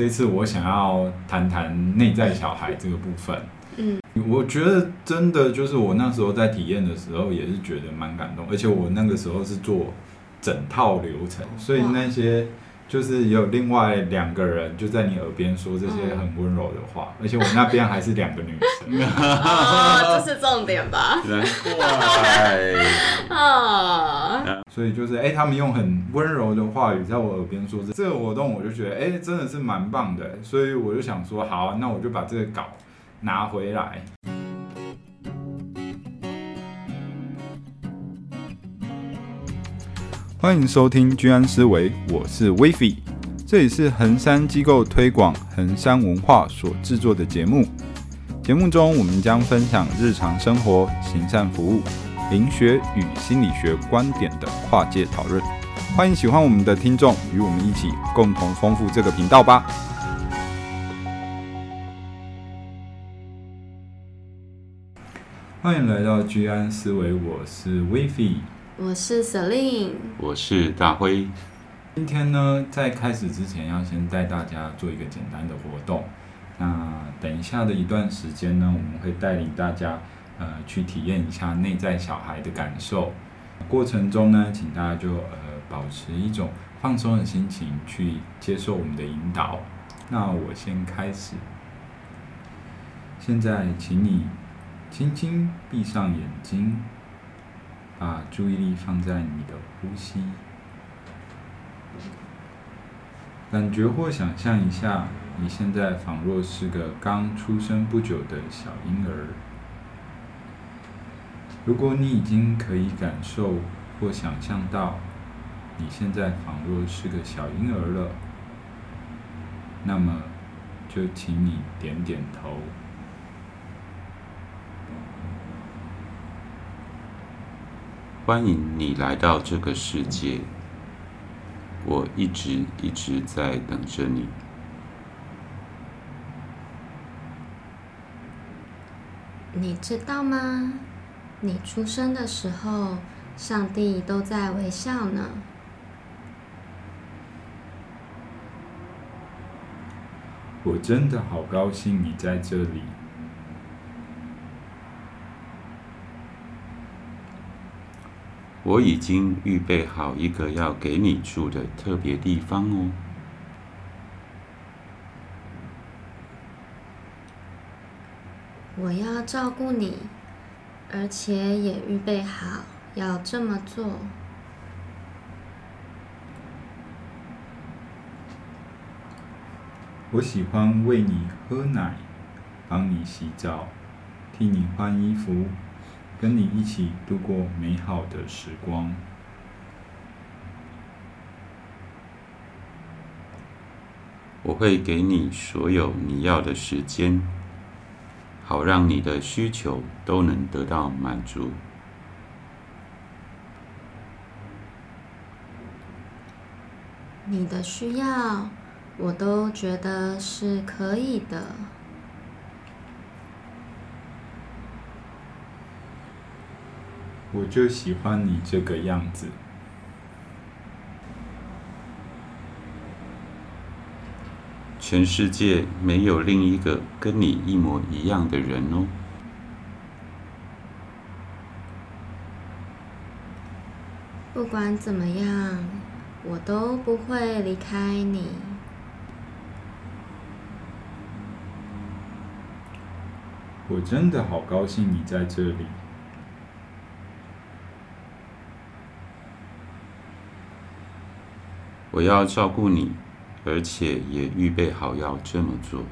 這次我想要談談內在小孩這個部分，嗯，我覺得真的就是我那時候在體驗的時候，也是覺得蠻感動，而且我那個時候是做整套流程，所以那些。就是有另外兩個人就在你耳邊說這些很溫柔的話、嗯，而且我那邊還是兩個女生， 哦，這是重點吧？難怪，啊、 哦，所以就是哎、欸，他們用很溫柔的話語在我耳邊說這些，這這個活動我就覺得哎、欸，真的是蠻棒的，所以我就想說好，那我就把這個稿拿回來。歡迎收聽居安思維，我是 weefy。這裡是恆山機構推廣恆山文化所制作的節目。節目中我們將分享日常生活、行善服務、靈學與心理學觀點的跨界討論。歡迎喜歡我們的聽眾，與我們一起共同豐富這個頻道吧。歡迎來到居安思維，我是 weefy。我是 Celine，我是大輝。今天呢，在開始之前，要先帶大家做一個簡單的活動。那等一下的一段時間呢，我們會帶領大家呃去體驗一下內在小孩的感受。過程中呢，請大家就呃保持一種放鬆的心情去接受我們的引導。那我先開始。現在，請你輕輕閉上眼睛。把注意力放在你的呼吸，感覺或想象一下，你現在仿若是個剛出生不久的小嬰兒。如果你已經可以感受或想象到，你現在仿若是個小嬰兒了，那麼就請你點點頭。歡迎你來到這個世界，我一直一直在等着你。你知道嗎？你出生的時候，上帝都在微笑呢。我真的好高興你在這裡。我已經預備好一個要給你住的特別地方哦。我要照顧你，而且也預備好要這麼做。我喜歡餵你喝奶，幫你洗澡，替你換衣服。跟你一起度過美好的時光，我會給你所有你要的時間，好讓你的需求都能得到滿足。你的需要，我都覺得是可以的。我就喜歡你這個樣子，全世界沒有另一個跟你一模一樣的人哦。不管怎麼樣，我都不會離開你。我真的好高興你在這裡。我要照顧你，而且也預備好要這麼做。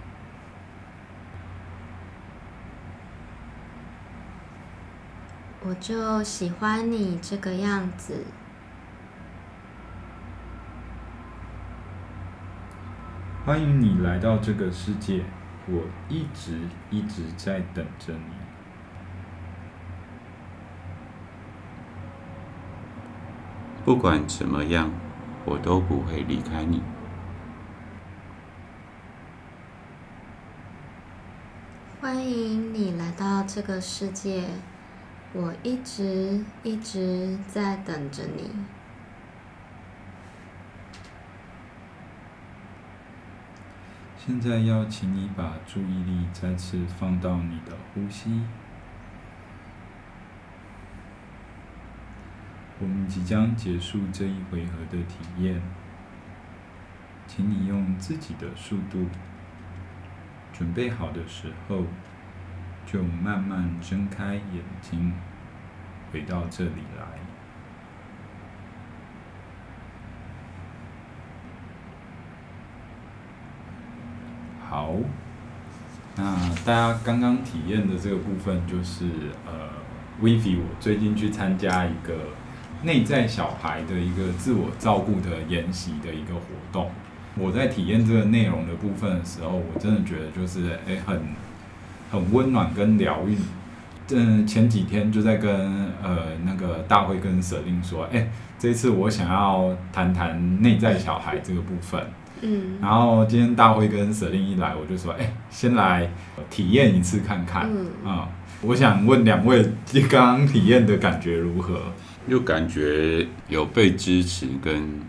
我就喜歡你這個樣子。歡迎你來到這個世界，我一直一直在等着你。不管怎麼樣，我都不會離開你。歡迎你來到這個世界，我一直一直在等着你。現在要請你把注意力再次放到你的呼吸。我們即將結束這一回合的體驗，請你用自己的速度，準備好的時候，就慢慢睜開眼睛，回到這裡來。好，那大家剛剛體驗的這個部分就是呃，weefy，我最近去參加一個。內在小孩的一個自我照顧的研習的一個活動，我在體驗這個內容的部分的時候，我真的覺得就是、欸、很很溫暖跟療癒。嗯、呃，前幾天就在跟呃那個大輝跟舍令說，哎、欸，這次我想要談談內在小孩這個部分。嗯。然後今天大輝跟舍令一來，我就說，哎、欸，先來體驗一次看看。嗯。啊、嗯。我想問兩位，你剛剛體驗的感覺如何？又感覺有被支持跟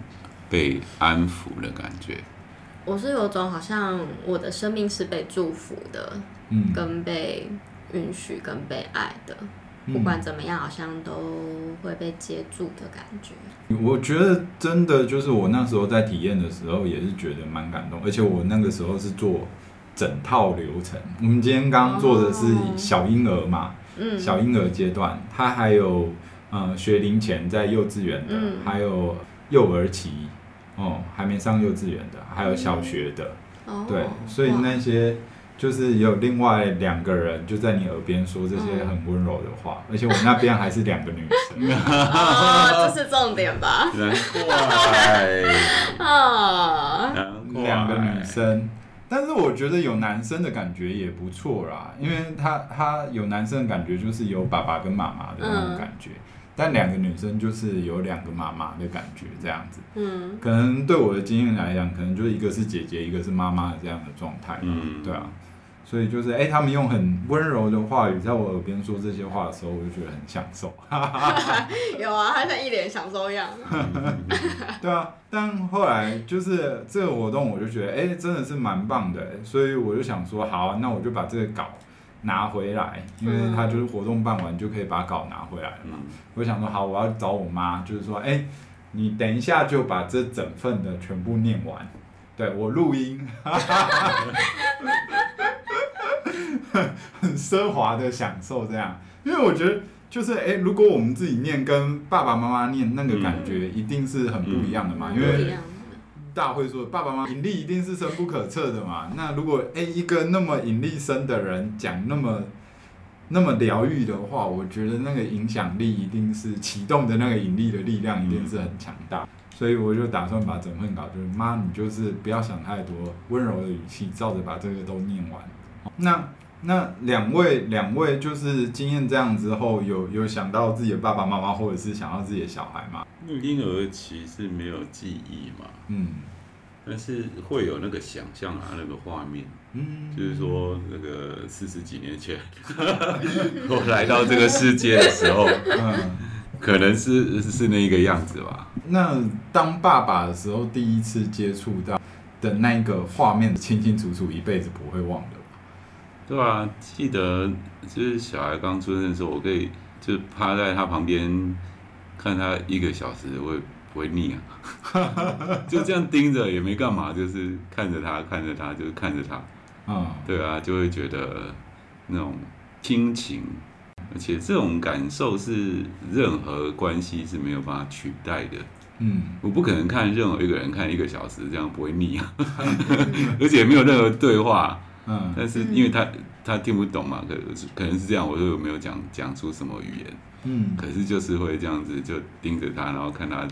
被安撫的感覺。我是有種好像我的生命是被祝福的，嗯，跟被允許、跟被愛的、嗯。不管怎麼樣，好像都會被接住的感覺。我覺得真的就是我那時候在體驗的時候，也是覺得蠻感動。而且我那個時候是做。整套流程，我們今天剛做的是小嬰兒嘛，哦嗯、小嬰兒階段，他還有，嗯、學齡前在幼稚園的、嗯，還有幼兒期，嗯、還沒上幼稚園的，還有小學的，嗯、對、哦，所以那些、哦、就是有另外兩個人就在你耳邊說這些很溫柔的話，嗯、而且我們那邊還是兩個女生，這、 哦就是重點吧？難怪，兩個女生。但是我覺得有男生的感覺也不錯啦，因為他他有男生的感覺，就是有爸爸跟媽媽的那種感覺。嗯。但兩個女生就是有兩個媽媽的感覺這樣子。嗯。可能對我的經驗來講，可能就是一個是姐姐，一個是媽媽的這樣的狀態。嗯，對啊。所以就是，哎、欸，他們用很溫柔的話語在我耳邊說這些話的時候，我就覺得很享受。 有啊，他像一臉享受一樣。 對啊，但後來就是這個活動，我就覺得，哎、欸，真的是蠻棒的。所以我就想說，好，那我就把這個稿拿回來，因為他就是活動辦完就可以把稿拿回來了嘛。嗯、我想說，好，我要找我媽，就是說，哎、欸，你等一下就把這整份的全部念完，對，我錄音。 很奢華的享受，這樣，因為我覺得就是，誒、欸，如果我們自己念跟爸爸媽媽念那個感覺，一定是很不一樣的嘛。嗯、因為大輝說爸爸媽媽引力一定是深不可測的嘛。那如果誒、欸，一個那麼引力深的人講那麼那麼療癒的話，我覺得那個影響力一定是啟動的那個引力的力量，一定是很強大、嗯。所以我就打算把整份稿就是媽，你就是不要想太多，溫柔的語氣，照着把這個都念完。那。那兩位，兩位就是經驗這樣之後，有有想到自己的爸爸媽媽，或者是想到自己的小孩嗎？嬰兒期是沒有記憶嘛，嗯，但是會有那個想象啊，那個畫面，嗯，就是說那個四十幾年前，嗯， 我來到這個世界的時候，嗯，可能是是那一個樣子吧。那當爸爸的時候，第一次接觸到的那個畫面，清清楚楚，一輩子不會忘的。對啊，記得就是小孩剛出生的時候，我可以就趴在他旁邊看他一個小時，我也不會膩啊。 就這樣盯着也沒幹嘛，就是看着他，看着他，就是看着他。啊。對啊，就會覺得那種親情，而且這種感受是任何關係是沒有辦法取代的。嗯，我不可能看任何一個人看一個小時，這樣不會膩啊， 而且沒有任何對話。嗯，但是因為他、嗯、他，他聽不懂嘛，可能可能是這樣，我就沒有講講出什麼語言。嗯，可是就是會這樣子，就盯着他，然後看他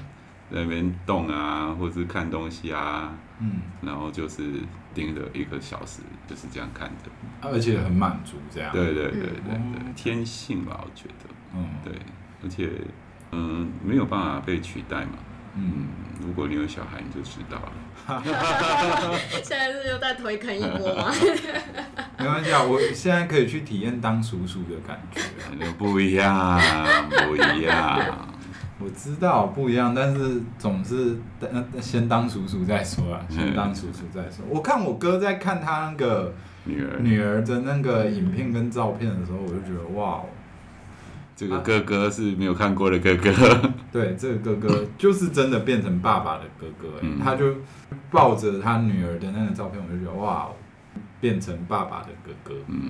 在那邊動啊，或是看東西啊。嗯，然後就是盯着一個小時，就是這樣看著。而且很滿足這樣。對對對對對，嗯、天性吧，我覺得。嗯，對，而且嗯沒有辦法被取代嘛。嗯，如果你有小孩，你就知道了。 現在是，是又在推坑一波嗎？ 沒關係啊，我現在可以去體驗當叔叔的感覺、 嗯，不一樣，不一樣。 我知道不一樣，但是總是先當叔叔再說啊，先當叔叔再說。 我看我哥在看他那個女兒女兒的那個影片跟照片的時候，我就覺得哇，這個哥哥是沒有看過的哥哥。 對，這個哥哥就是真的變成爸爸的哥哥、欸 嗯，他就。抱着他女兒的那個照片，我就覺得哇、哦，變成爸爸的哥哥，嗯、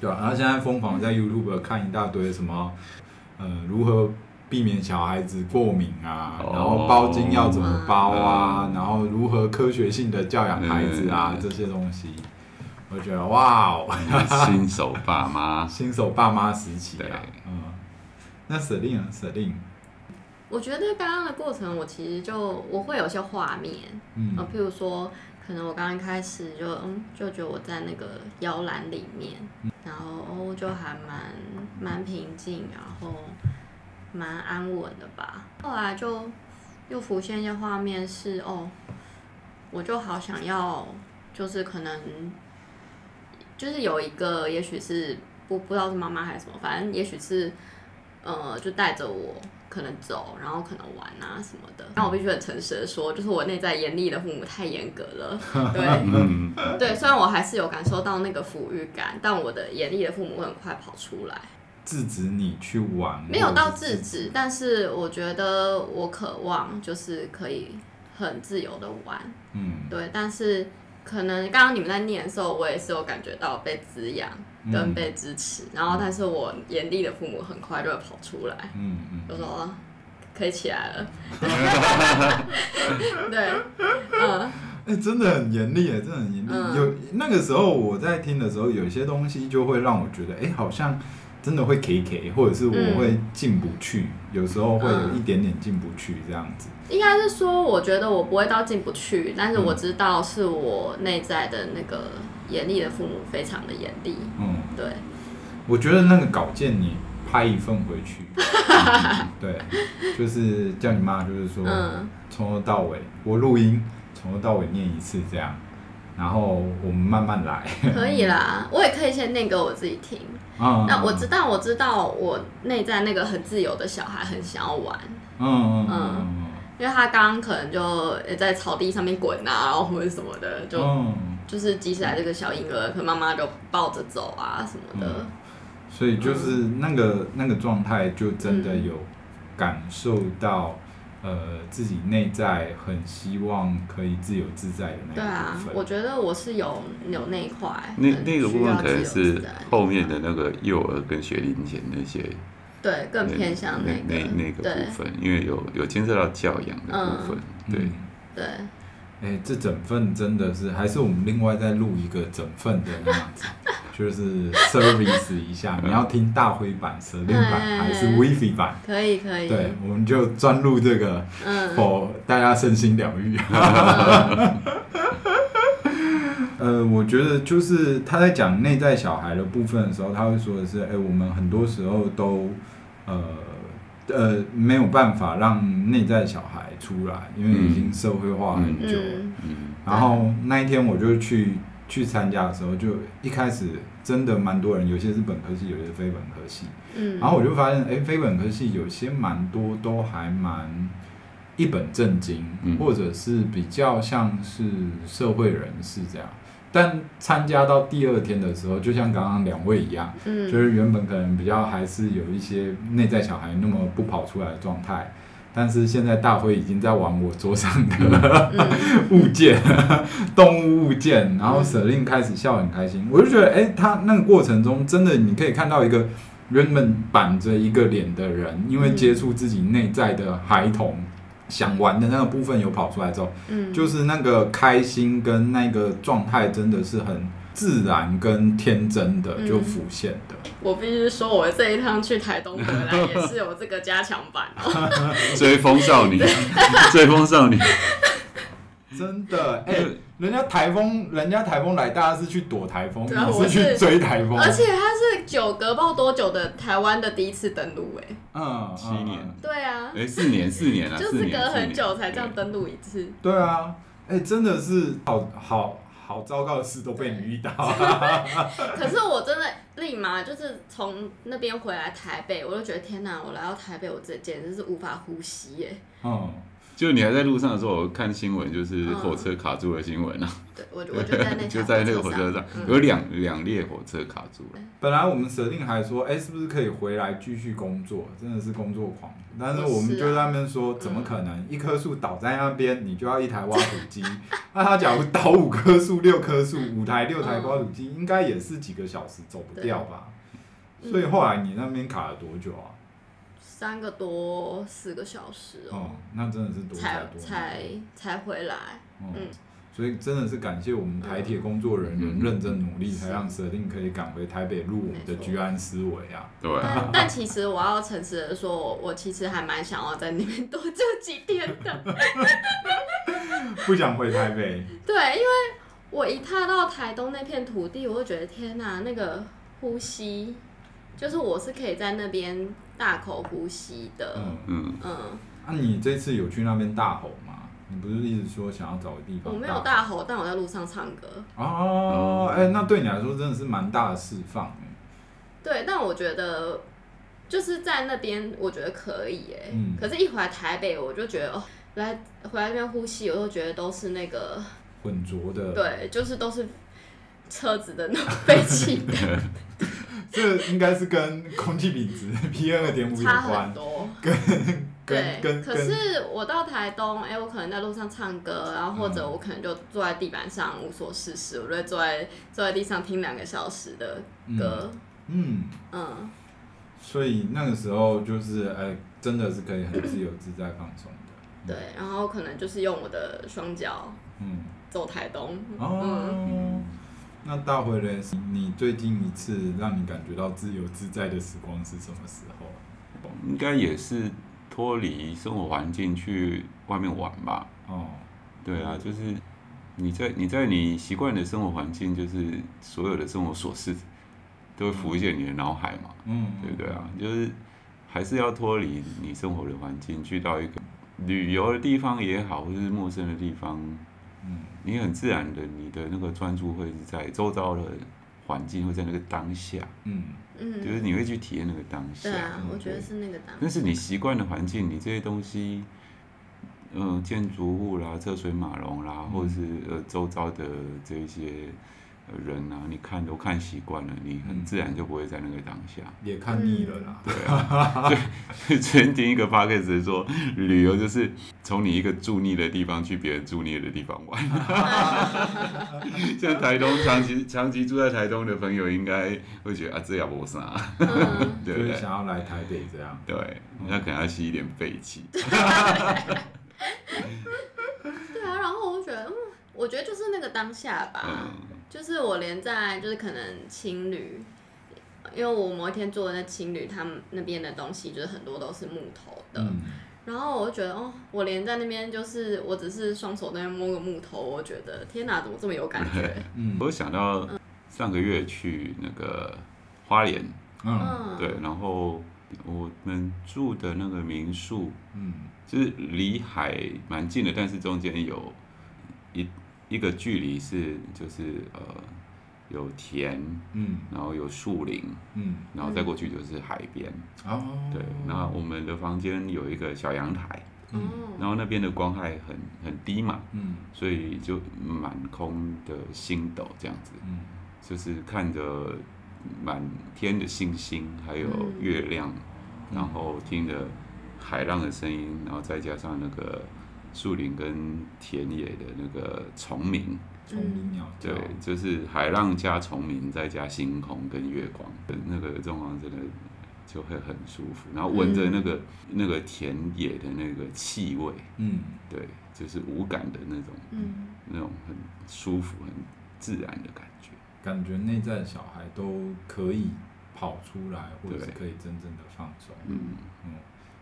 對吧、啊？然後現在瘋狂在 YouTube 看一大堆什麼，呃、如何避免小孩子過敏啊，哦、然後包巾要怎麼包啊、嗯，然後如何科學性的教養孩子啊，對對對對，這些東西，我覺得哇、哦，新手爸媽， 新手爸媽時期啊，對嗯，那司令啊，司令。我覺得剛剛的過程，我其實就我會有些畫面，嗯、呃，譬如說，可能我剛剛開始就嗯，就覺得我在那個搖籃裡面，然後、哦、就還蠻蠻平靜，然後蠻安穩的吧。後來就又浮現一些畫面是，是哦，我就好想要，就是可能就是有一個也，也許是不不知道是媽媽還是什麼，反正也許是呃，就帶着我。可能走，然後可能玩啊什麼的。但我必須很誠實的說，就是我內在嚴厲的父母太嚴格了。對， 對，雖然我還是有感受到那個撫育感，但我的嚴厲的父母會很快跑出來，制止你去玩。沒有到制止，或者是制止，但是我覺得我渴望就是可以很自由的玩。嗯，對。但是可能剛剛你們在念的時候，我也是有感覺到被滋養。跟被支持，嗯，然後但是我嚴厲的父母很快就會跑出來，嗯嗯，就說可以起來了。 對，嗯，哎、欸，真的很嚴厲哎，真的很嚴厲。嗯、有那個時候我在聽的時候，有一些東西就會讓我覺得，哎、欸，好像真的會 K K，或者是我會進不去，嗯，有時候會有一點點進不去，嗯、這樣子。應該是說，我覺得我不會到進不去，但是我知道是我內在的那個。嚴厲的父母非常的嚴厲。嗯，對。我覺得那個稿件你拍一份回去， 嗯、對，就是叫你媽，就是說，嗯，從頭到尾我錄音，從頭到尾念一次這樣，然後我們慢慢來。可以啦，我也可以先念給我自己聽。嗯，那我知道，我知道我內在那個很自由的小孩很想要玩。嗯嗯嗯，因為他剛剛可能就也在草地上面滾啊，然後或者什麼的就。嗯就是及時來這個小嬰兒，可媽媽就抱着走啊什麼的、嗯。所以就是那個、嗯、那個狀態，就真的有感受到，嗯、呃，自己內在很希望可以自由自在的那種。對啊，我覺得我是有有那一塊。那那個部分可能是後面的那個幼兒跟學齡前那些、嗯，對，更偏向那個、那那，那，那個部分，因為有有牽涉到教養的部分。對、嗯、對。對對哎、欸，這整份真的是，還是我們另外再錄一個整份的那樣子， 就是 service 一下。你要聽大輝版、實驗版嘿嘿還是 w i f i 版？可以可以。對，我們就專錄這個，嗯 for 大家身心療癒。嗯、 呃，我覺得就是他在講內在小孩的部分的時候，他會說的是，哎、欸，我們很多時候都，呃。呃，沒有辦法讓內在的小孩出來，因為已經社會化很久了。嗯，嗯，然後那一天我就去去參加的時候，就一開始真的蠻多人，有些是本科系，有些是非本科系。嗯，然後我就發現，哎，非本科系有些蠻多都還蠻一本正經，嗯，或者是比較像是社會人士這樣。但參加到第二天的時候，就像剛剛兩位一樣，嗯，就是原本可能比較還是有一些內在小孩那麼不跑出來的狀態，但是現在大輝已經在玩我桌上的、嗯、 物件、嗯、動物物件，然後舍令開始笑很開心，嗯、我就覺得，哎、欸，他那個過程中真的，你可以看到一個原本板着一個臉的人，因為接觸自己內在的孩童。想玩的那個部分有跑出來之後，嗯，就是那個開心跟那個狀態真的是很自然跟天真的，嗯，就浮現的。我必須說，我這一趟去台東回來也是有這個加強版喔， 追風少女， 追風少女， 真的，欸 人家台風，人家台風來，大家是去躲台風，你是去追台風。而且它是久隔報多久的台灣的第一次登陸哎、欸嗯。嗯，七年。對啊，四、欸、年，四年啊，就是隔很久才這樣登陸一次對。對啊，哎、欸，真的是好好好糟糕的事都被你遇到、啊。 可是我真的立馬就是從那邊回來台北，我就覺得天哪，我來到台北，我這簡直是無法呼吸耶、欸。嗯。就你還在路上的時候，嗯、我看新聞就是火車卡住了新聞啊。嗯、對我，我就在那 就在那個火車上、嗯、有兩兩列火車卡住了。本來我們設定還說，誒，是不是可以回來繼續工作？真的是工作狂，但是我們就在那邊說，怎麼可能？一棵樹倒在那邊，你就要一台挖土機。 那他假如倒五棵樹、六棵樹，五台、六台挖土機、嗯，應該也是幾個小時走不掉吧？嗯、所以後來你那邊卡了多久啊？三個多四個小時、喔、哦，那真的是多，多才才才回來嗯。嗯，所以真的是感謝我們台鐵工作人員認真努力，嗯、才讓舍定可以趕回台北，入我們的居安思危啊。對， 但其實我要誠實的說，我其實還蠻想要在那邊多住幾天的， 不想回台北。對，因為我一踏到台東那片土地，我就覺得天哪、啊，那個呼吸，就是我是可以在那邊。大口呼吸的，嗯嗯，嗯。那、啊、你這次有去那邊大吼嗎？你不是一直說想要找個地方？我沒有大吼、大吼，但我在路上唱歌。哦，哎、嗯欸，那對你來說真的是蠻大的釋放、欸、對，但我覺得就是在那邊，我覺得可以哎、欸嗯。可是，一回來台北，我就覺得，哦，來回來這邊呼吸，我都覺得都是那個渾濁的。對，就是都是車子的那種廢氣。 這應該是跟空氣品質、PM 二點五有差很多跟 跟,對跟可是我到台東，哎、欸，我可能在路上唱歌，然後或者我可能就坐在地板上無所事事，嗯、我就坐在坐在地上聽兩個小時的歌。嗯嗯,嗯。所以那個時候就是哎、欸，真的是可以很自由自在放鬆的咳咳、嗯。對，然後可能就是用我的雙腳，嗯，走台東。嗯,嗯,、哦嗯,嗯那大輝，你最近一次讓你感覺到自由自在的時光是什麼時候啊？應該也是脫離生活環境去外面玩吧。哦，對，對啊，就是你在你在你習慣的生活環境，就是所有的生活瑣事都會浮現你的腦海嘛，嗯，嗯嗯對不對啊？就是還是要脫離你生活的環境，去到一個旅遊的地方也好，或是陌生的地方。你很自然的，你的那個專注會是在周遭的環境，會在那個當下，嗯嗯，就是你會去體驗那個當下。對啊，我覺得是那個當下。但是你習慣的環境，你這些東西，嗯、呃，建築物啦，車水馬龍啦，嗯、或者是呃周遭的這些。人啊，你看都看習慣了，你很自然就不會在那個當下。也看膩了啦。 對啊。就前天聽一個 podcast 說，旅遊就是從你一個住膩的地方去別人住膩的地方玩。哈 像台東長期長期住在台東的朋友，應該會覺得啊，這也沒啥。對、嗯、 對？想要來台北這樣。對，那、嗯、可能要吸一點廢氣。 對啊，然後我覺得、嗯，我覺得就是那個當下吧。嗯。就是我連在就是可能青旅，因為我某一天做的在青旅，他們那邊的東西就是很多都是木頭的，嗯、然後我就覺得哦，我連在那邊就是我只是雙手在那邊摸個木頭，我覺得天哪、啊，怎麼這麼有感覺、嗯？我想到上個月去那個花蓮，嗯，對，然後我們住的那個民宿，嗯，就是離海蠻近的，但是中間有一。一個距離是就是呃有田，嗯，然後有樹林，嗯，然後再過去就是海邊，哦，嗯，對，哦，然後我們的房間有一個小陽台，嗯，然後那邊的光害很很低嘛，嗯，所以就滿空的星斗這樣子，嗯，就是看着滿天的星星，還有月亮，嗯，然後聽着海浪的聲音，然後再加上那個。樹林跟田野的那個蟲鳴，蟲鳴鳥叫，對，就是海浪加蟲鳴，再加星空跟月光，嗯、那個狀況真的就會很舒服。然後聞着那個、嗯、那個田野的那個氣味，嗯，對，就是無感的那種，嗯，那種很舒服、很自然的感覺。感覺內在的小孩都可以跑出來，或者是可以真正的放鬆。嗯。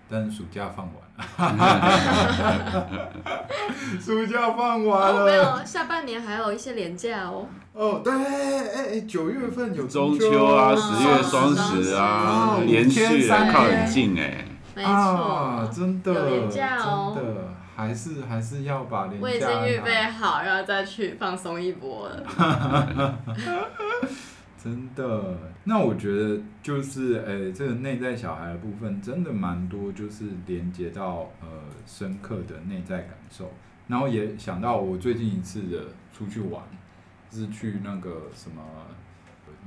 但暑假放完 暑假放完了、哦。沒有，下半年還有一些連假哦，哦。哦對，哎哎，九月份有中秋、啊、中秋啊，十月雙十啊，連續、啊哦、靠很近哎。沒錯、啊，真的，有連假哦、真的，還是還是要把連假。我已經預備好，然後 再去放鬆一波了。 真的，那我覺得就是誒，這個內在小孩的部分真的蠻多，就是連接到呃深刻的內在感受，然後也想到我最近一次的出去玩，是去那個什麼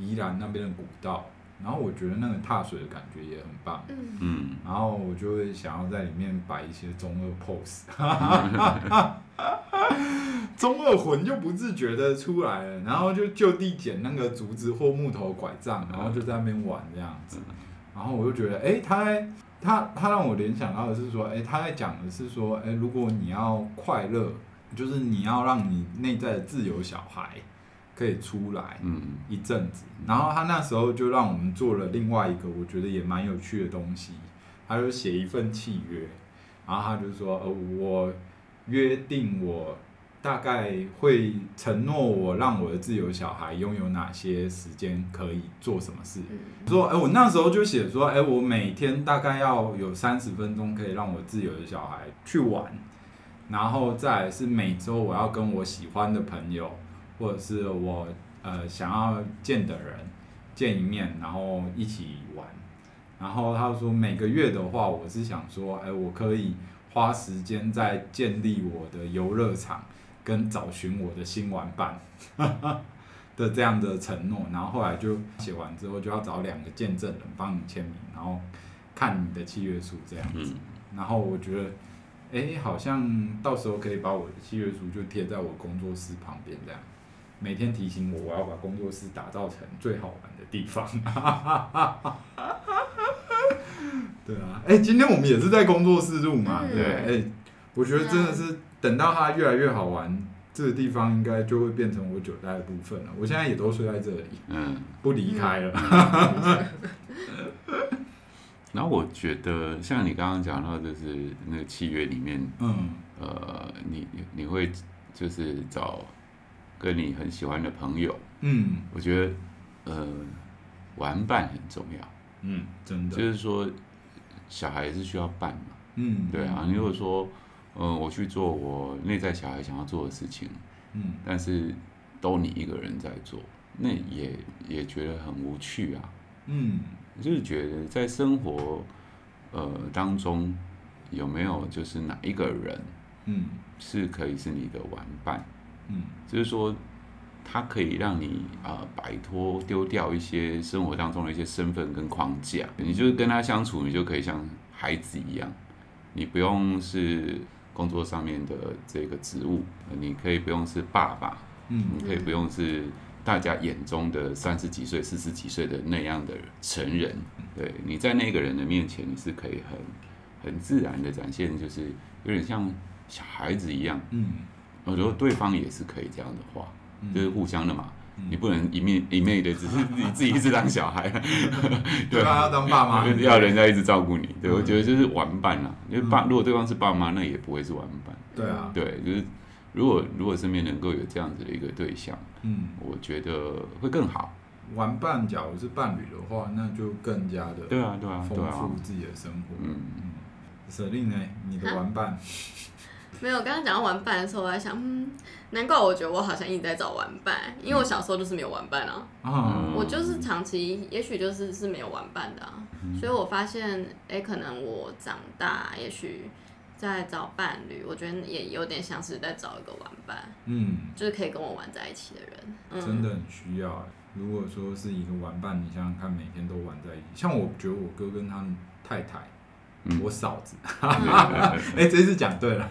宜蘭那邊的古道。然後我覺得那個踏水的感覺也很棒，嗯，然後我就會想要在裡面擺一些中二 pose，哈哈哈哈哈， 中二魂就不自覺的出來了，然後就就地撿那個竹子或木頭拐杖，然後就在那邊玩這樣子，嗯、然後我就覺得，誒、欸，他在他他讓我聯想到的是說，誒、欸，他在講的是說，誒、欸，如果你要快樂，就是你要讓你內在的自由小孩。可以出來一，一陣子，然後他那時候就讓我們做了另外一個，我覺得也蠻有趣的東西，他就寫一份契約，然後他就說，呃，我約定我大概會承諾我讓我的自由的小孩擁有哪些時間可以做什麼事，嗯、說，誒、呃，我那時候就寫說，誒、呃，我每天大概要有三十分鐘可以讓我自由的小孩去玩，然後再是每周我要跟我喜歡的朋友。或者是我呃想要見的人，見一面，然後一起玩。然後他說每個月的話，我是想說，哎，我可以花時間在建立我的遊樂場，跟找尋我的新玩伴呵呵的這樣的承諾。然後後來就寫完之後，就要找兩個見證人幫你簽名，然後看你的契約書這樣子。然後我覺得，哎，好像到時候可以把我的契約書就貼在我工作室旁邊這樣。每天提醒我，我要把工作室打造成最好玩的地方。 對啊，哎、欸，今天我們也是在工作室錄嘛、嗯，對。哎、欸，我覺得真的是、嗯、等到它越來越好玩，這個地方應該就會變成我久待的部分了。我現在也都睡在這裡，嗯，不離開了。嗯、 然後我覺得，像你剛剛講到，就是那個七月裡面，嗯，呃，你你會就是找。跟你很喜歡的朋友，嗯，我覺得，呃，玩伴很重要，嗯，真的，就是說，小孩是需要伴嘛，嗯，對啊，嗯，你如果說，呃，我去做我內在小孩想要做的事情，嗯，但是都你一個人在做，那也也覺得很無趣啊，嗯，就是覺得在生活，呃，當中有沒有就是哪一個人，嗯，是可以是你的玩伴。嗯，就是說，它可以讓你啊擺脫丟掉一些生活當中的一些身份跟框架。你就是跟他相處，你就可以像孩子一樣，你不用是工作上面的這個職務，你可以不用是爸爸，嗯，你可以不用是大家眼中的三十幾歲、四十幾歲的那樣的成人，嗯。對，你在那個人的面前，你是可以很很自然的展現，就是有點像小孩子一樣，嗯。我覺得對方也是可以這樣的話，嗯、就是互相的嘛。嗯、你不能一面一面的，只是你自己一直當小孩， 對、啊對啊、要人家一直照顧你，嗯。對，我覺得就是玩伴啦，啊。因為爸，如果對方是爸媽，那也不會是玩伴。嗯、對啊，對，就是如果如果身邊能夠有這樣子的一個對象，嗯，我覺得會更好。玩伴假如是伴侶的話，那就更加的對啊對啊對啊，豐富自己的生活。嗯、啊啊啊啊、嗯，Celine 呢？Celine, 你的玩伴？嗯沒有，剛剛講到玩伴的時候，我還想，嗯，難怪我覺得我好像一直在找玩伴，因為我小時候就是沒有玩伴啊，嗯嗯嗯、我就是長期，也許就是是沒有玩伴的啊，啊、嗯。所以我發現，哎，可能我長大，也許在找伴侶，我覺得也有點像是在找一個玩伴，嗯，就是可以跟我玩在一起的人，嗯、真的很需要、欸。如果說是一個玩伴，你想想看，每天都玩在一起，像我，我覺得我哥跟他太太。我嫂子，哈哈哈。哎、 欸，這次講對了，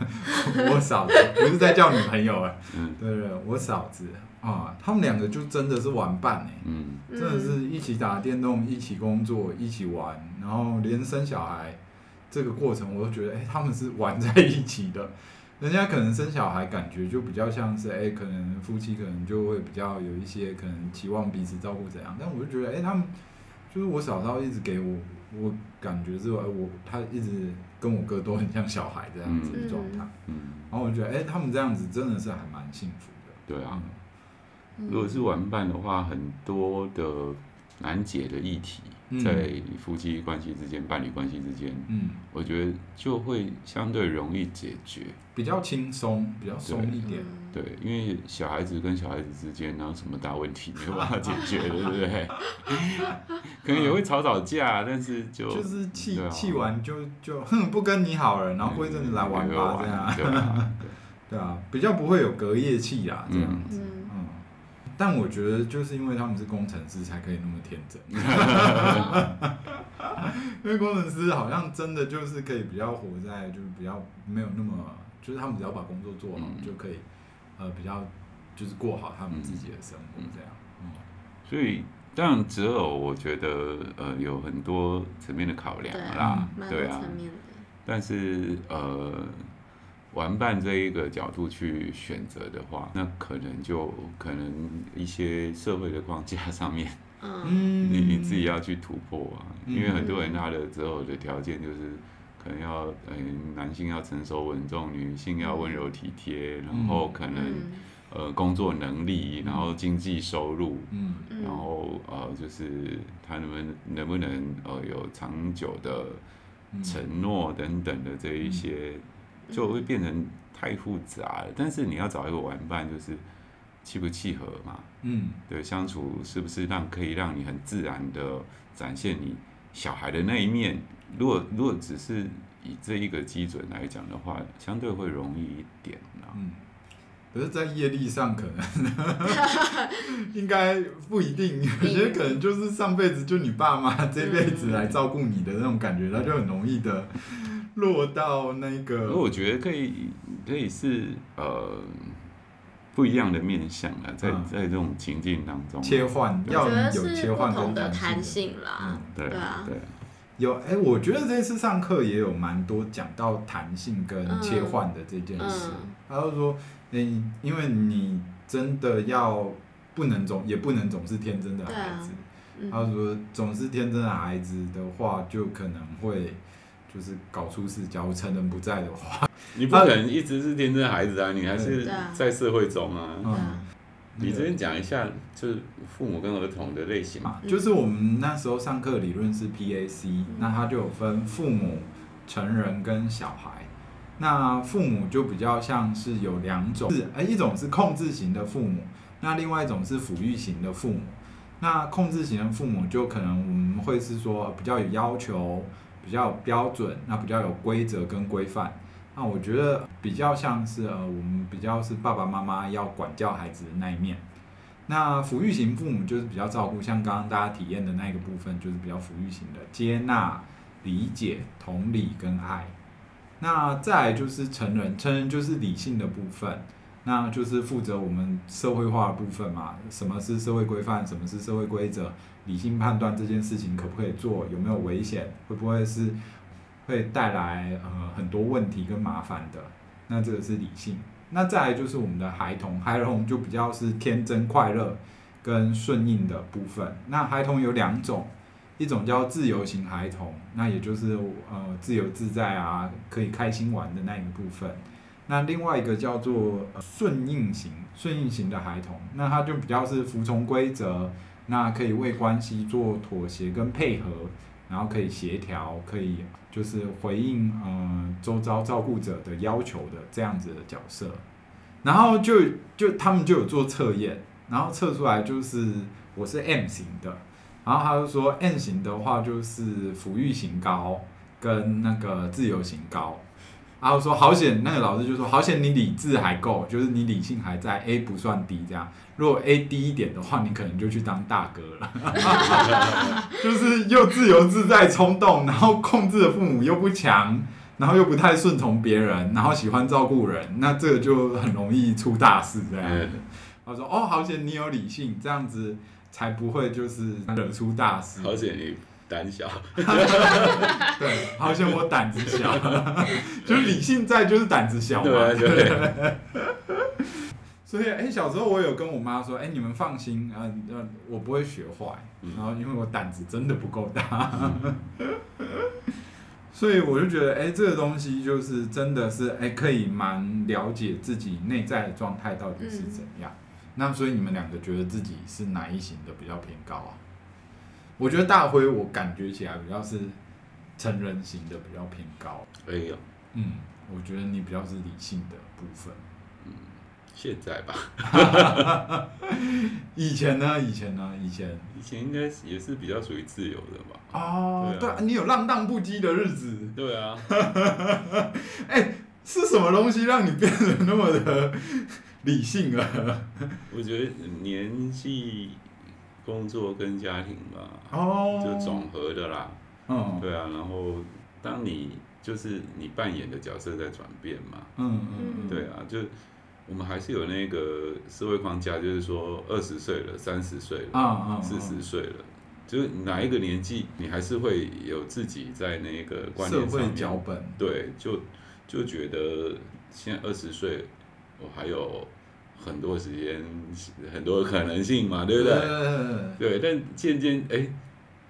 我嫂子不是在叫女朋友了，對對，我嫂子啊，他們兩個就真的是玩伴哎、欸，嗯，真的是一起打電動，一起工作，一起玩，然後連生小孩這個過程，我都覺得哎、欸，他們是玩在一起的。人家可能生小孩感覺就比較像是哎、欸，可能夫妻可能就會比較有一些可能期望彼此照顧怎樣，但我就覺得哎、欸，他們就是我嫂嫂一直給我。我感覺是，我他一直跟我哥都很像小孩這樣子的狀態，嗯，然後我就覺得，哎，他們這樣子真的是還蠻幸福的，對啊。如果是玩伴的話，很多的難解的議題，在夫妻關係之間、伴侶關係之間，嗯，我覺得就會相對容易解決，比較輕鬆，比較鬆一點。對，因為小孩子跟小孩子之間，然後什麼大問題沒有辦法解決， 對不對？可能也會吵吵架，但是就就是氣就氣完就就哼不跟你好了，然後過一陣子來玩吧，嗯、這樣對、啊對。對啊，比較不會有隔夜氣啊。這樣子。嗯，嗯但我覺得就是因為他們是工程師，才可以那麼天真。哈哈哈！哈哈！哈哈！因為工程師好像真的就是可以比較活在，就是比較沒有那麼，就是他們只要把工作做好、嗯、就可以。呃，比較就是過好他們自己的生活、嗯、這樣，嗯、所以當然擇偶，我覺得呃有很多層面的考量啦，對，對啊。但是呃，玩伴這一個角度去選擇的話，那可能就可能一些社會的框架上面，你、嗯、你自己要去突破啊，嗯、因為很多人他的擇偶的條件就是。要，嗯，男性要成熟穩重，女性要溫柔體貼、嗯，然後可能、嗯，呃，工作能力、嗯，然後經濟收入，嗯，嗯然後呃，就是他能不能能不能呃有長久的承諾等等的這一些，嗯、就會變成太複雜了、嗯。但是你要找一個玩伴，就是契不契合嘛，嗯，對，相處是不是讓可以讓你很自然的展現你小孩的那一面？如果如果只是以這一個基準來講的話，相對會容易一點啦、啊。嗯，可是，在業力上可能 應該不一定，有 些可能就是上輩子就你爸媽、嗯、這輩子來照顧你的那種感覺，那、嗯、就很容易的落到那個。嗯、我覺得可以可以是呃不一樣的面向啊，在啊在這種情境當中切換，要有切換的彈性啦。嗯、對、啊、對、啊。有哎，我覺得這次上課也有蠻多講到彈性跟切換的這件事。嗯嗯、他就說：“哎，因為你真的要不能總，也不能總是天真的孩子。嗯、他就說，總是天真的孩子的話，就可能會就是搞出事。假如成人不在的話，你不可能一直是天真的孩子啊，嗯、你還是在社會中啊。嗯”嗯嗯你這邊講一下，就是父母跟兒童的類型嘛？就是我們那時候上課理論是 PAC，那它就有分父母、成人跟小孩。那父母就比較像是有兩種，哎，一種是控制型的父母，那另外一種是撫育型的父母。那控制型的父母就可能我們會是說比較有要求，比較有標準，那比較有規則跟規範。那、啊、我覺得比較像是呃，我們比較是爸爸媽媽要管教孩子的那一面。那撫育型父母就是比較照顧，像剛剛大家體驗的那一個部分，就是比較撫育型的，接納、理解、同理跟愛。那再就是成人，成人就是理性的部分，那就是負責我們社會化的部分嘛。什麼是社會規範？什麼是社會規則？理性判斷這件事情可不可以做？有沒有危險？會不會是？會帶來呃很多問題跟麻煩的，那這個是理性。那再來就是我們的孩童，孩童就比較是天真快樂跟順應的部分。那孩童有兩種，一種叫自由型孩童，那也就是呃自由自在啊，可以開心玩的那一部分。那另外一個叫做，呃，順應型，順應型的孩童，那他就比較是服從規則，那可以為關係做妥協跟配合，然後可以協調，可以。就是回應嗯、呃、周遭照顧者的要求的這樣子的角色，然後就就他們就有做測驗，然後測出來就是我是 M 型的，然後他就說 M 型的話就是撫育型高跟那個自由型高。然、啊、後說好險，那個老師就說好險，你理智還夠，就是你理性還在，A 不算低這樣。如果 A 低一點的話，你可能就去當大哥了。 就是又自由自在、衝動，然後控制的父母又不強，然後又不太順從別人，然後喜歡照顧人，那這個就很容易出大事這樣子、嗯。他說哦，好險你有理性，這樣子才不會就是惹出大事。好險你。膽小， 對，好像我膽子小， 就是理性在，就是膽子小嘛。對，對，對。 所以，哎、欸，小時候我有跟我媽說，哎、欸，你們放心，啊、呃呃，我不會學壞，然後因為我膽子真的不夠大。嗯、 所以我就覺得，哎、欸，這個東西就是真的是，哎、欸，可以蠻了解自己內在的狀態到底是怎樣。嗯、那所以你們兩個覺得自己是哪一型的比較偏高啊？我覺得大輝，我感覺起來比較是成人型的，比較偏高。哎呦，嗯，我覺得你比較是理性的部分。嗯，現在吧。 以前呢？以前呢？以前？以前應該也是比較屬於自由的吧？哦，對啊，對，你有浪蕩不羈的日子。對啊。哎、 欸，是什麼東西讓你變得那麼的理性啊？我覺得年紀。工作跟家庭嘛，oh, 就總和的啦。嗯，對啊。然後，當你就是你扮演的角色在轉變嘛。嗯,嗯對啊，就我們還是有那個社會框架，就是說，二十歲了，三十歲了，啊、嗯、啊，四十歲了，嗯嗯嗯、就是哪一個年紀，你還是會有自己在那個觀念上面。社會腳本。對，就就覺得，現在二十歲，我還有。很多時間，很多可能性嘛，對不對？對，對，對，對，對，但漸漸哎，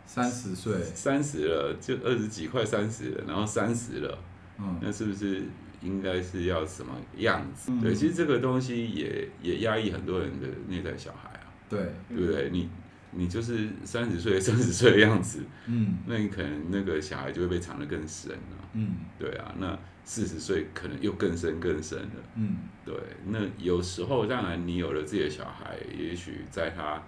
三十歲，三十了，就二十幾快三十了，然後三十了，嗯，那是不是應該是要什麼樣子？嗯、對，其實這個東西也也壓抑很多人的內在小孩啊，對，對不對？你你就是三十歲三十歲的樣子，嗯，那你可能那個小孩就會被藏得更深了，嗯，對啊，那。四十歲可能又更深更深了，嗯，對。那有時候，當然你有了自己的小孩，嗯、也許在他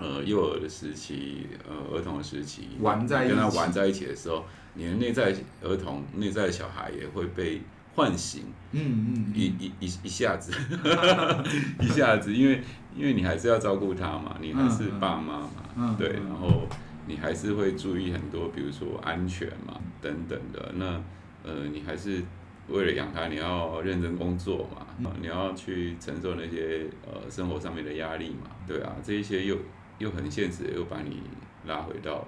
呃幼兒的時期，呃兒童的時期，玩在一起跟他玩在一起的時候，你的內在兒童、嗯、內在的小孩也會被喚醒，嗯嗯，嗯，一一一一,一下子、啊呵呵，一下子，因為因為你還是要照顧他嘛，你還是爸媽嘛啊啊，對，然後你還是會注意很多，比如說安全嘛等等的那。呃，你還是為了養他，你要認真工作嘛。呃，你要去承受那些呃生活上面的壓力嘛。對啊，這一些又又很現實，又把你拉回到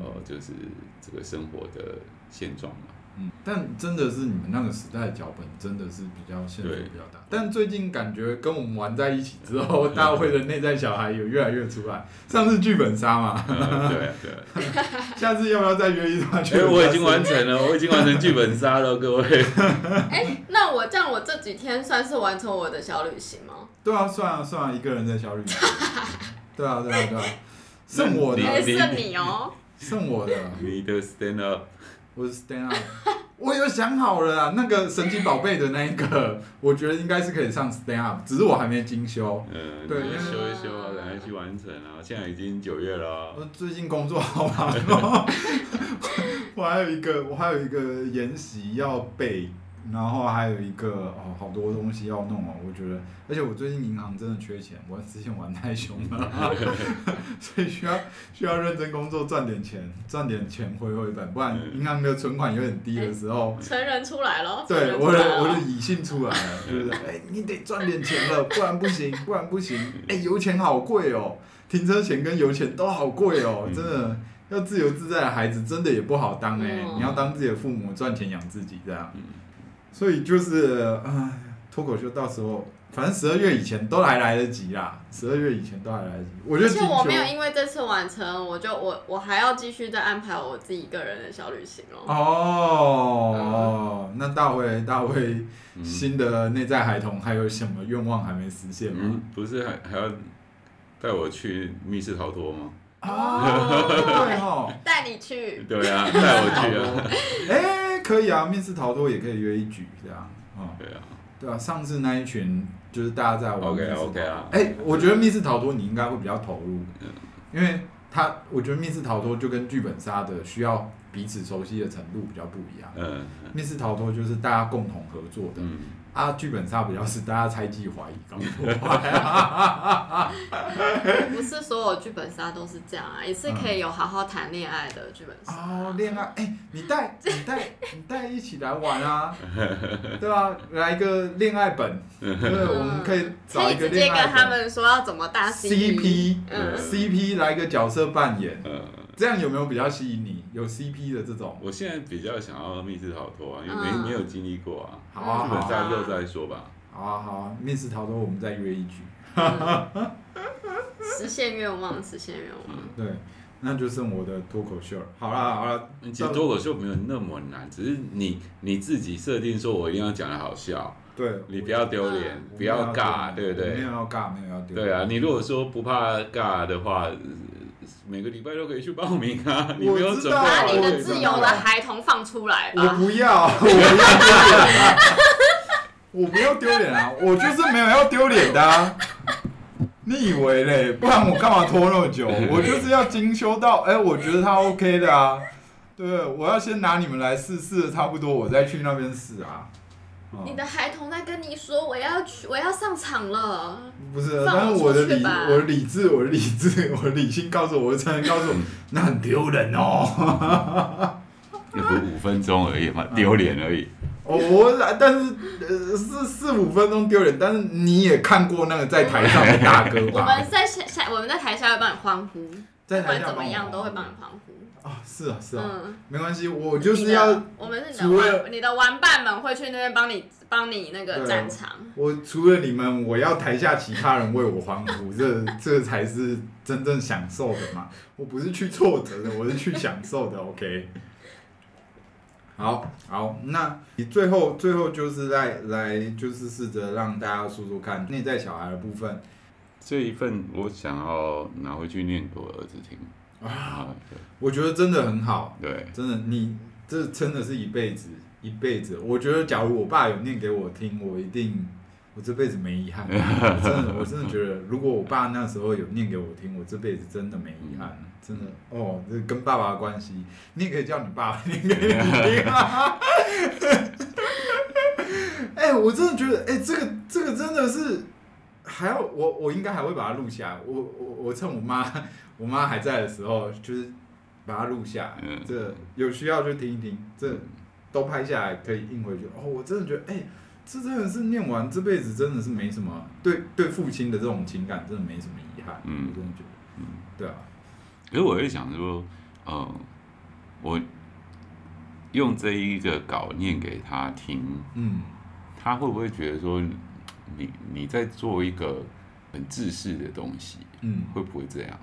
呃，就是這個生活的現狀嘛。嗯、但真的是你們那個時代的腳本真的是比較限制比較大。但最近感覺跟我們玩在一起之後，大輝的內在小孩有越來越出來。上次劇本殺嘛，嗯呵呵嗯、對、啊、對、啊。對啊、 下次要不要再約一場、欸？我已經完成了， 我已經完成劇本殺了各位。哎、 欸，那我這樣我這幾天算是完成我的小旅行嗎？對啊，算了、啊、算了、啊，一個人的小旅行。對啊對啊對啊，送、啊啊啊、我的，送 你哦，送、喔、我的，你的 stand up。我是 stand up， 我有想好了啊，那個神奇寶貝的那一個，我覺得應該是可以上 stand up，只是我還沒精修，嗯，對，先修一修，等下去完成啊、嗯，現在已經九月了，我最近工作好忙， 我還有一個，我還有一個研習要背。然後還有一個哦，好多東西要弄哦，我覺得，而且我最近銀行真的缺錢，我之前玩太凶了， 所以需要需要認真工作賺點錢，賺點錢回回本，不然銀行的存款有點低的時候，成人出來了，對我我我理性出來了，是不、就是誒？你得賺點錢了，不然不行，不然不行，哎，油錢好貴哦，停車錢跟油錢都好貴哦，嗯，真的要自由自在的孩子真的也不好當哎、欸嗯，你要當自己的父母賺錢養自己這樣。嗯所以就是，哎、呃，脫口秀到時候，反正十二月以前都還來得及啦，十二月以前都還來得及。我覺得。而且我沒有因為這次完成，我就我我還要繼續再安排我自己個人的小旅行哦、喔。哦，嗯、那大輝，大輝、嗯、新的內在孩童還有什麼願望還沒實現嗎？嗯、不是還還要帶我去密室逃脫嗎？哦，帶、 哦、你去。對呀、啊，帶我去啊。 欸可以啊，密室逃脫也可以約一局這樣、嗯、啊。對啊，對啊，上次那一群就是大家在玩 okay。哎、okay, okay, 欸嗯，我覺得密室逃脫你應該會比較投入，嗯、因為他我覺得密室逃脫就跟劇本殺的需要彼此熟悉的程度比較不一樣。嗯，密室逃脫就是大家共同合作的。嗯啊，劇本殺比較是大家猜忌懷疑，搞破壞。啊。 不是所有劇本殺都是這樣啊，也是可以有好好談戀愛的劇本殺。哦、嗯，戀、啊、愛，哎、欸，你帶，你帶， 你帶一起來玩啊，對吧、啊？來一個戀愛本對對，嗯，我們可以找一個愛可以直接跟他們說要怎麼搭 CP，CP、嗯、CP 來一個角色扮演。嗯這樣有沒有比較吸引你？有 CP 的這種？我現在比較想要密室逃脫啊，因為沒、嗯、沒有經歷過啊，好啊，基本上又再說吧。好啊，好啊，好啊，好啊，密室逃脫我們再約一局、嗯 ，實現願望，實現願望。對，那就剩我的脫口秀了。好啦，好啦，其實脫口秀沒有那麼難，只是你你自己設定說，我一定要講得好笑。對，你不要丟臉，我沒有要丟，不要尬，我沒有要尬，對不對？沒有要尬，沒有要丟臉。對啊，你如果說不怕尬的話。每個禮拜都可以去報名啊！我知道，我你，你的自由的孩童放出來！我不要！我，不要丟臉，啊、 我不要丟臉啊！我就是沒有要丟臉的，啊。 你以為嘞？不然我幹嘛拖那麼久？ 我就是要精修到哎，欸，我覺得他 OK 的啊。對，我要先拿你們來試試，差不多，我再去那邊試啊。你的孩童在跟你說：“我要去，我要上場了。”不是、啊不，但是我的理，我的理智，我的理智，我的理性告訴我，我才能告訴我、嗯、那很丟人哦。那、嗯、 不五分鐘而已嘛，丟、啊、臉而已。哦，我但是、呃、是四五分鐘丟臉，但是你也看過那個在台上的大哥吧？嗯、 我們在下下，我們在台下會幫你歡呼。不管怎麼樣，都會幫你歡呼。哦，是啊，是啊，沒關係、嗯，我就是要。你的我們是你的玩除你的玩伴們會去那邊幫你，幫你那個戰場。我除了你們，我要台下其他人為我歡呼， 這這才是真正享受的嘛！ 我不是去挫折的，我是去享受的。 OK。好，好，那你最後，最後就是再來，來就是試着讓大家說說看內在小孩的部分。這一份我想要拿回去念給我兒子聽啊、嗯！我覺得真的很好，對，真的你這真的是一輩子一輩子。我覺得假如我爸有念給我聽，我一定我這輩子沒遺憾。 我真的，我真的覺得如果我爸那時候有念給我聽，我這輩子真的沒遺憾、嗯。真的哦，這跟爸爸的關係，你也可以叫你爸你叫你爸念給你聽啊！哎、 欸，我真的覺得，哎、欸，這個這個真的是。還要我，我應該還會把它錄下來。我我我趁我媽我媽還在的時候，就是把它錄下來、嗯。這個、有需要就聽一聽，這個、都拍下來可以印回去。哦，我真的覺得，哎、欸，這真的是念完這輩子真的是沒什麼對對父親的這種情感，真的沒什麼遺憾。嗯，我真的覺得，嗯，對啊。可是我在想說，嗯、呃，我用這一個稿念給他聽，嗯，他會不會覺得說？你你在做一個很自私的東西，嗯，會不會這樣啊？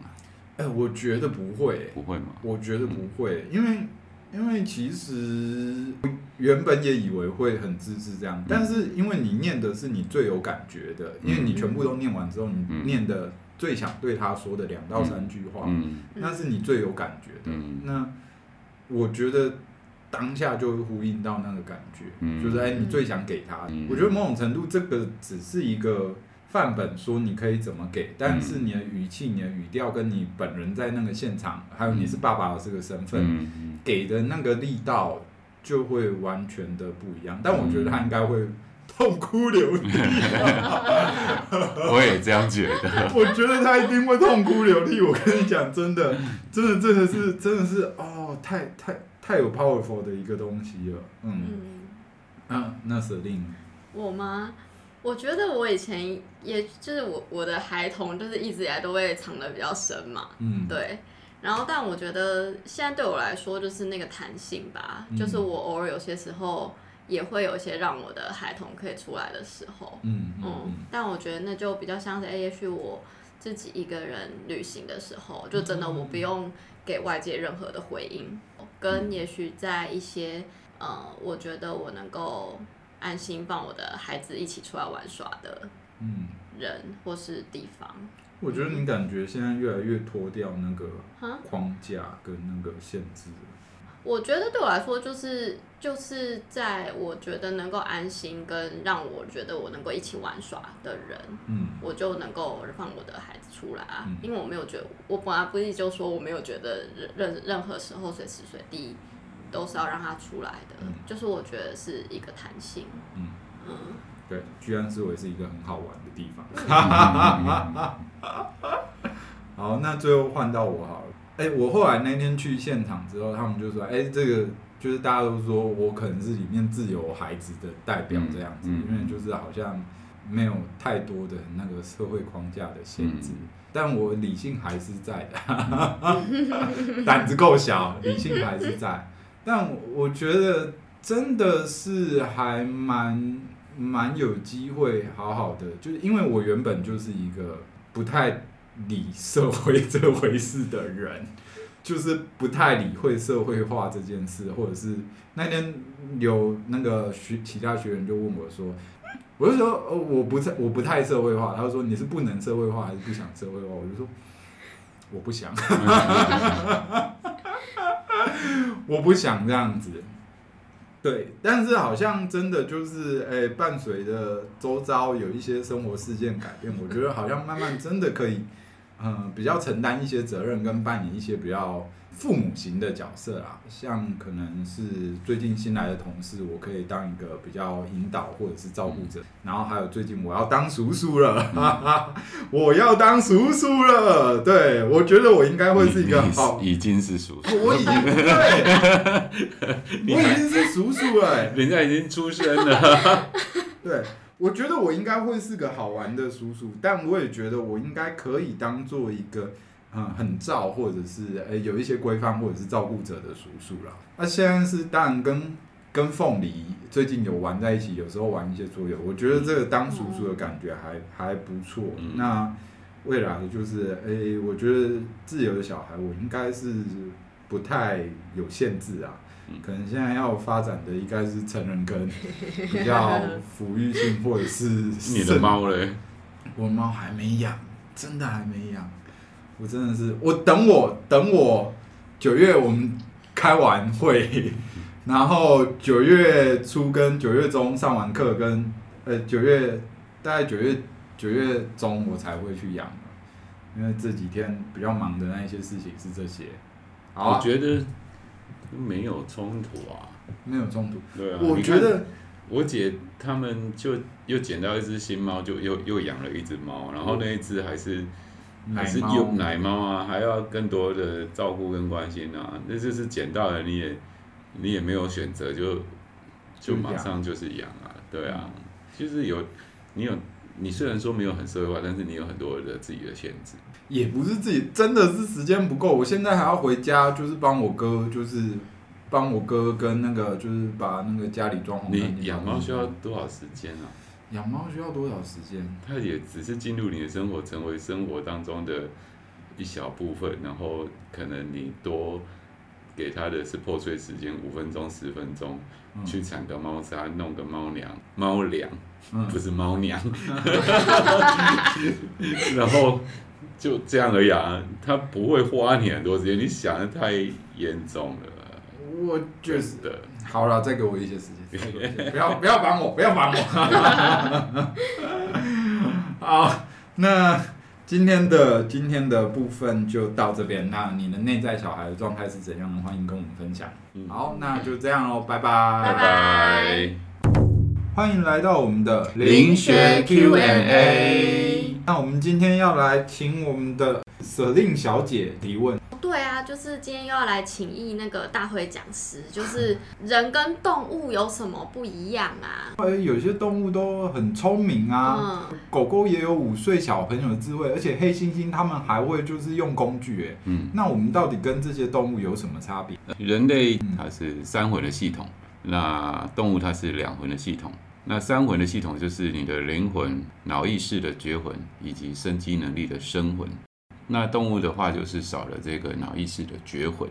哎、呃，我覺得不會、欸，不會嗎？我覺得不會、欸，嗯，因為因為其實原本也以為會很自私這樣、嗯，但是因為你念的是你最有感覺的，嗯、因為你全部都念完之後，嗯、你念的最想對他說的兩到三句話、嗯，那是你最有感覺的。嗯、那我覺得。當下就會呼應到那個感覺，嗯、就是哎、欸，你最想給他、嗯。我覺得某種程度，這個只是一個範本，說你可以怎麼給，但是你的語氣、你的語調跟你本人在那個現場，還有你是爸爸的這個身份、嗯嗯嗯嗯，給的那個力道就會完全的不一樣。但我覺得他應該會痛哭流涕、啊。 我也這樣覺得。 我覺得他一定會痛哭流涕。我跟你講，真的，真的，真的是，真的是，哦，太太。太有 powerful 的一個東西了，嗯，那、嗯啊、那是另。我嗎？我覺得我以前也就是我我的孩童，就是一直以來都會藏得比較深嘛，嗯，對。然後，但我覺得現在對我來說，就是那個彈性吧、嗯，就是我偶爾有些時候也會有一些讓我的孩童可以出來的時候，嗯嗯，嗯。但我覺得那就比較像是誒，也許我自己一個人旅行的時候，就真的我不用、嗯。嗯給外界任何的回應，跟也許在一些、嗯、呃，我覺得我能夠安心放我的孩子一起出來玩耍的，嗯，人或是地方。我覺得你感覺現在越來越脫掉那個框架跟那個限制。嗯嗯我覺得對我來說，就是就是在我覺得能夠安心跟讓我覺得我能夠一起玩耍的人，嗯，我就能夠放我的孩子出來啊、嗯。因為我沒有覺，我本來不一定就是說我沒有覺得任任任何時候隨時隨地都是要讓他出來的，嗯、就是我覺得是一個彈性，嗯，嗯對，居安思危是一個很好玩的地方，哈哈哈，嗯、 好，那最後換到我好了。哎，我後來那天去現場之後，他們就說：“哎，這個就是大家都說我可能是裡面自由孩子的代表這樣子，嗯，因為就是好像沒有太多的那個社會框架的限制，嗯，但我理性還是在的，哈哈哈，膽子夠小，理性還是在。 但我覺得真的是還蠻蠻有機會，好好的，就是因為我原本就是一個不太。”理社會這回事的人，就是不太理會社會化這件事，或者是那天有那個學其他學員就問我說，我就說、哦、我不太我不太社會化，他就說你是不能社會化還是不想社會化？我就說我不想， 我不想這樣子，對，但是好像真的就是誒，伴隨着周遭有一些生活事件改變，Okay. 我覺得好像慢慢真的可以。嗯，比較承擔一些責任，跟扮演一些比較父母型的角色啦、啊。像可能是最近新來的同事，我可以當一個比較引導或者是照顧者、嗯。然後還有最近我要當叔叔了，嗯、哈哈，我要當叔叔了，對，我覺得我應該會是一個好，已經是叔叔，我已經，對，我已經是叔叔了、欸，人家已經出生了，對。我覺得我應該會是個好玩的叔叔，但我也覺得我應該可以當做一個，嗯，很照或者是誒，有一些規範或者是照顧者的叔叔啦。那、啊、現在是當然跟跟鳳梨最近有玩在一起，有時候玩一些桌遊，我覺得這個當叔叔的感覺還還不錯、嗯。那未來就是誒，我覺得自由的小孩，我應該是不太有限制啊。可能現在要發展的應該是成人跟比較撫育性， 或者是你的貓嘞？我貓還沒養，真的還沒養。我真的是，我等我等我九月我們開完會，然後九月初跟九月中上完課，跟呃九月大概九月九月中我才會去養。因為這幾天比較忙的那一些事情是這些。我覺得。沒有衝突啊，沒有衝突。對啊，我覺得我姐他們就又撿到一隻新貓，就又又養了一隻貓，然後那一隻還是還是幼奶貓啊，還要更多的照顧跟關心啊。那就是撿到了，你也你也沒有選擇，就就馬上就是養啊，對啊，就是有你有你雖然說沒有很社會化，但是你有很多的自己的限制。也不是自己，真的是時間不夠。我現在還要回家，就是幫我哥，就是幫我哥跟那個，就是把那個家裡裝潢。你養貓需要多少時間啊？養貓需要多少時間？它也只是進入你的生活，成為生活當中的一小部分，然後可能你多。給他的是破碎時間，五分鐘、十分鐘、嗯，去鏟個貓砂，弄個貓糧，貓糧，不是貓娘，嗯、 然後就這樣而已、啊。他不會花你很多時間，你想的太嚴重了。我覺得，真的。好了，再給我一些時間，再給我一些時間， 不要不要煩我，不要煩我。 好，那。今天的今天的部分就到這邊。那你的內在小孩的狀態是怎樣的？歡迎跟我們分享。嗯、好，那就這樣咯、嗯，拜拜。拜拜。歡迎來到我們的靈學 Q&A。那我們今天要來請我們的。捨令小姐提問：對啊，就是今天又要來請益那個大輝講師，就是人跟動物有什麼不一樣啊？哎、有些動物都很聰明啊、嗯，狗狗也有五歲小朋友的智慧，而且黑猩猩他們還會就是用工具，誒，嗯，那我們到底跟這些動物有什麼差別？人類它是三魂的系統，那動物它是兩魂的系統，那三魂的系統就是你的靈魂、腦意識的覺魂以及生機能力的生魂。那動物的話，就是少了這個腦意識的智慧。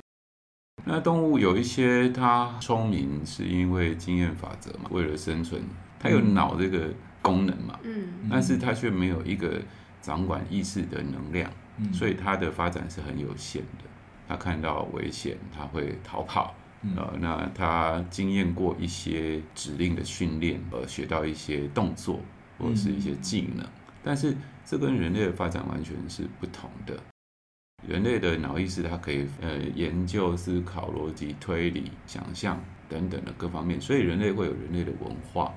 那動物有一些它聰明，是因為經驗法則嘛，為了生存，它有腦這個功能嘛，嗯、但是它卻沒有一個掌管意識的能量，嗯、所以它的發展是很有限的。它看到危險，它會逃跑，呃、嗯，那它經驗過一些指令的訓練，而學到一些動作或者是一些技能，嗯、但是。這跟人類的發展完全是不同的。人類的腦意識，它可以呃研究、思考、邏輯、推理、想象等等的各方面，所以人類會有人類的文化。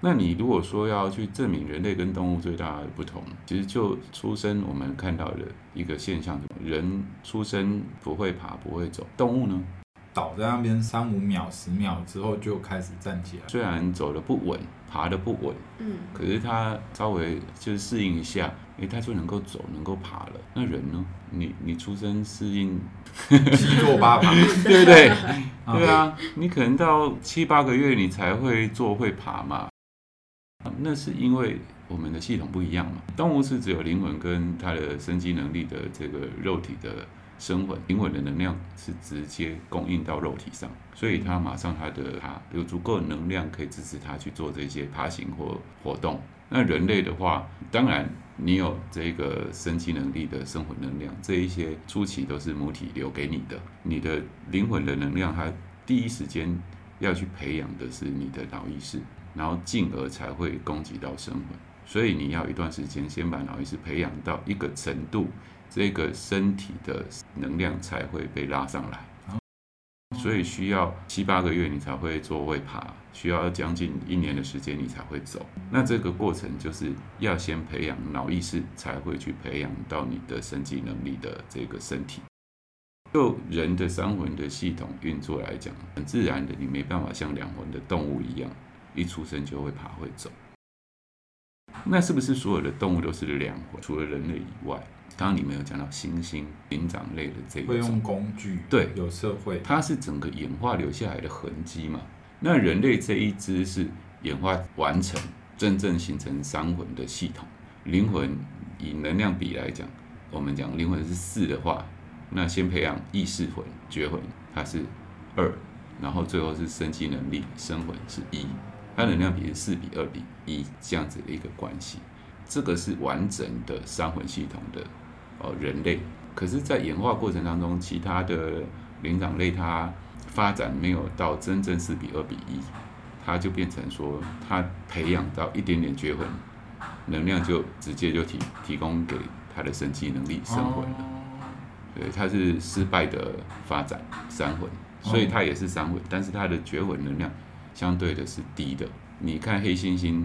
那你如果說要去證明人類跟動物最大的不同，其實就出生我們看到的一個現象：人出生不會爬、不會走，動物呢倒在那邊三五秒、十秒之後就開始站起來，雖然走得不穩。爬得不穩，嗯，可是他稍微就是適應一下，哎、欸，他就能夠走，能夠爬了。那人呢，你你出生適應七坐八爬， 對不對？Okay. 對啊，你可能到七八個月你才會坐會爬嘛。那是因為我們的系統不一樣嘛。動物是只有靈魂跟它的生機能力的這個肉體的。生魂靈魂的能量是直接供應到肉體上，所以它馬上，它的，它有足夠能量可以支持它去做這些爬行或活動。那人類的話，當然你有這個生機能力的生活能量，這一些初期都是母體留給你的。你的靈魂的能量，它第一時間要去培養的是你的腦意識，然後進而才會供給到生魂。所以你要一段時間先把腦意識培養到一個程度。這個身體的能量才會被拉上來，所以需要七八個月你才會坐會爬，需要將近一年的時間你才會走。那這個過程就是要先培養腦意識，才會去培養到你的身體能力的這個身體。就人的三魂的系統運作來講，很自然的，你沒辦法像兩魂的動物一樣，一出生就會爬會走。那是不是所有的動物都是兩魂？除了人類以外？剛剛你沒有講到猩猩，靈長類的這個會用工具，對，有社會，它是整個演化留下來的痕跡嘛。那人類這一支是演化完成，真正形成三魂的系統。靈魂以能量比來講，我們講靈魂是四的話，那先培養意識魂、覺魂，它是二，然後最後是生機能力生魂是一，它能量比是四比二比一這樣子的一個關係。這個是完整的三魂系統的。人類，可是，在演化過程當中，其他的靈長類它發展沒有到真正四比二比一，它就變成說，它培養到一點點覺魂能量，就直接就提提供給它的生氣能力生魂了。Oh. 對，它是失敗的發展，三魂，所以它也是三魂，oh. 但是它的覺魂能量相對的是低的。你看黑猩猩。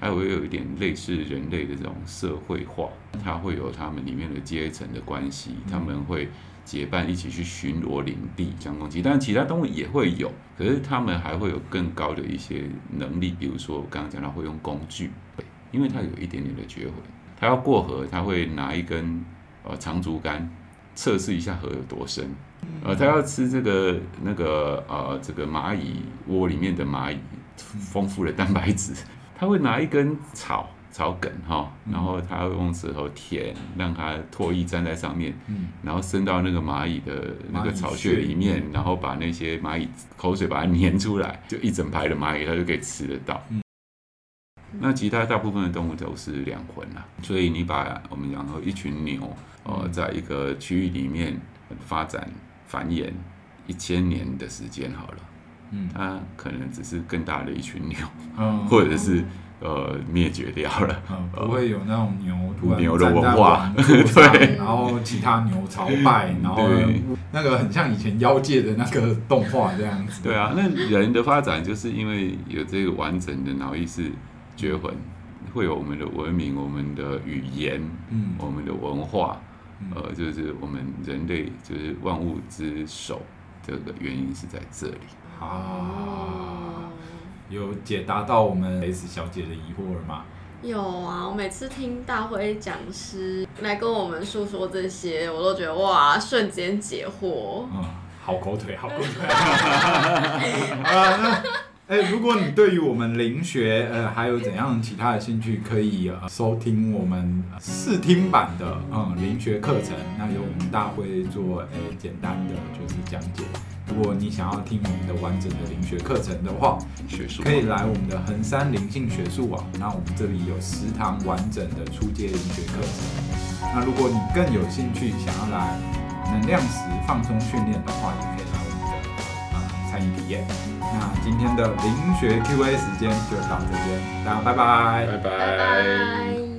它也會有一點類似人類的這種社會化，它會有它們裡面的階層的關係，它們會結伴一起去巡邏領地、搶攻擊。但其他動物也會有，可是它們還會有更高的一些能力，比如說我剛剛講到會用工具，因為它有一點點的智慧。它要過河，它會拿一根呃長竹竿測試一下河有多深。呃，它要吃這個那個呃這個螞蟻窩裡面的螞蟻，豐富的蛋白質。他會拿一根草草梗，哈，然後他會用舌頭舔，讓它唾液粘在上面，然後伸到那個螞蟻的那個巢穴裡面，然後把那些螞蟻口水把它粘出來，就一整排的螞蟻，它就可以吃得到。那其他大部分的動物都是兩魂啊，所以你把我們講說一群牛，呃，在一個區域裡面發展繁衍一千年的時間好了。嗯，它可能只是更大的一群牛，嗯、或者是，嗯、呃滅絕掉了，嗯嗯，不會有那種牛牛的文化的，對，然後其他牛朝拜對，然後那個很像以前妖界的那個動畫這樣子。對啊，那人的發展就是因為有這個完整的腦 意識覺魂，會有我們的文明、我們的語言、嗯，我們的文化，嗯、呃，就是我們人類就是萬物之首，這個原因是在這裡。啊，有解答到我們 S 小姐的疑惑了嗎？有啊，我每次聽大輝講師來跟我們訴說這些，我都覺得哇，瞬間解惑。嗯，好狗腿，好狗腿。哎、 嗯，如果你對於我們靈學，呃，還有怎樣其他的興趣，可以、呃、收聽我們、呃、試聽版的嗯、呃、靈學課程，那由我們大輝做、呃、簡單的就是講解。如果你想要聽我們的完整的靈學課程的話，學術可以來我們的衡山靈性學術網。那我們這裡有十堂完整的初階靈學課程。那如果你更有興趣想要來能量時放鬆訓練的話，也可以來我們的啊、呃、餐飲體驗。那今天的靈學 Q&A 時間就到這邊，大家拜拜拜拜。拜拜。